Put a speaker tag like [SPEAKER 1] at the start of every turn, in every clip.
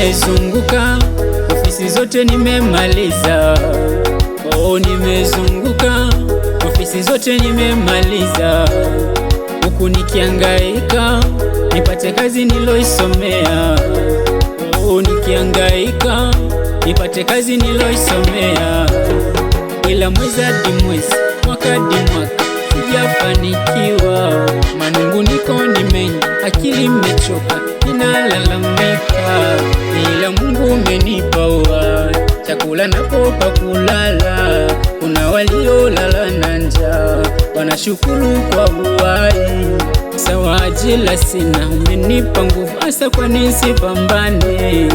[SPEAKER 1] nimezunguka ofisi zote nimemaliza, oh, nimezunguka ofisi zote nimemaliza, huku nikiangaika nipate kazi niloisomea, oh, nikiangaika nipate kazi niloisomea, ila mwezi hadi mwezi, mwaka hadi mwaka sijafanikiwa, manunguniko ni mengi, akili imechoka lalamika, ila Mungu umenipa chakula napo pa kulala. Kuna waliolala na njaa, wanashukuru kwa uhai. Sawa ajila sina, umenipa nguvu hasa, kwa nini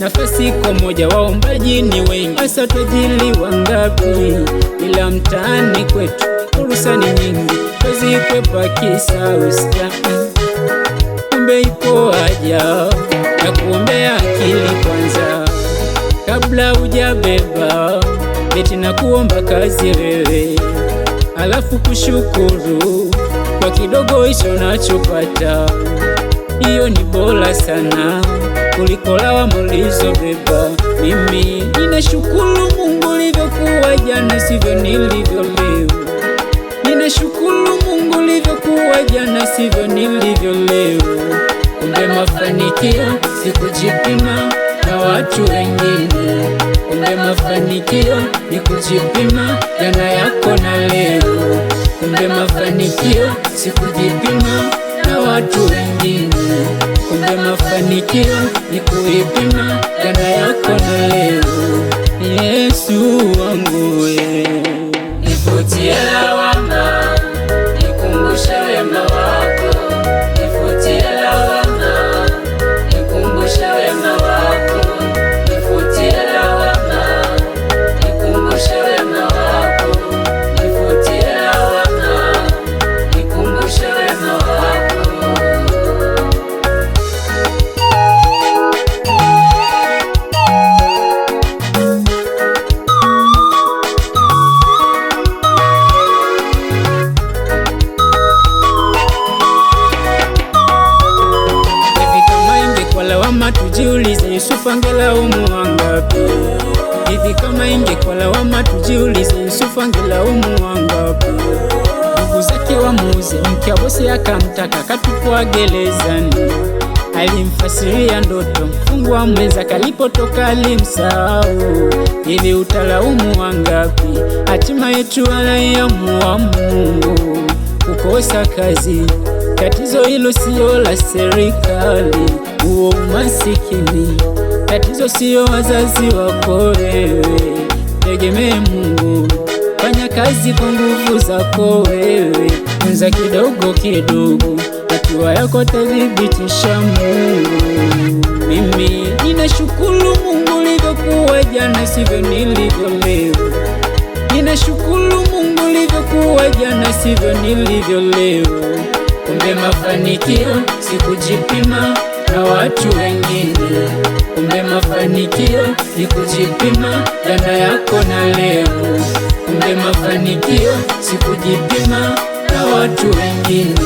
[SPEAKER 1] Nafasi kwa moja, waombaji ni wengi hasa, tajiri wangapi? Ila mtaani kwetu fursa ni nyingi, kwepa kisa usta kumbe iko haja ya kuombea akili kwanza, kabla hujabeba eti na kuomba kazi wewe, alafu kushukuru kwa kidogo hicho nachopata. Hiyo ni bora sana kuliko lawama ulizobeba. Mimi ninashukuru Mungu livyokuwa jana, sivyo nilivyo leo. Nimeshukuru Mungu livyokuwa jana, sivyo nilivyo leo. Kumbe mafanikio si kujipima na watu wengine, kumbe mafanikio ni kujipima jana yako na leo. Kumbe mafanikio si kujipima na watu wengine, kumbe mafanikio ni kujipima jana yako na leo. Yesu wangu,
[SPEAKER 2] nivutie
[SPEAKER 1] Mama tujiulize, Yusufu angelaumu wangapi? Hivi kama ingekuwa lawama, tujiulize, Yusufu angelaumu wangapi? Ndugu zake wamuuze, mke wa bosi akamtaka akatupwa gerezani. Alimfasiria ndoto, mfungwa mweza kalipotoka alimsahau. Hivi utalaumu wangapi? Hatima yetu anaiamua Mungu. Kukosa kazi, tatizo hilo siyo la serikali huo umasikini. Tatizo siyo wazazi wako wewe, tegemee Mungu, fanya kazi kwa nguvu zako wewe, tunza kidogo kidogo, hatua yako tadhibitisha Mungu. Mimi ninashukuru Mungu livyokuwa jana, sivyo nilivyo leo. Ninashukuru Mungu livyokuwa jana, sivyo nilivyo leo. Kumbe mafanikio sikujipima na watu wengine. Kumbe mafanikio ni kujipima jana yako na leo. Kumbe mafanikio si kujipima na watu wengine.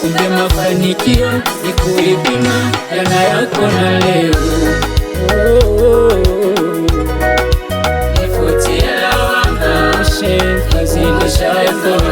[SPEAKER 1] Kumbe mafanikio ni kujipima jana yako na leo. Oh, oh, oh.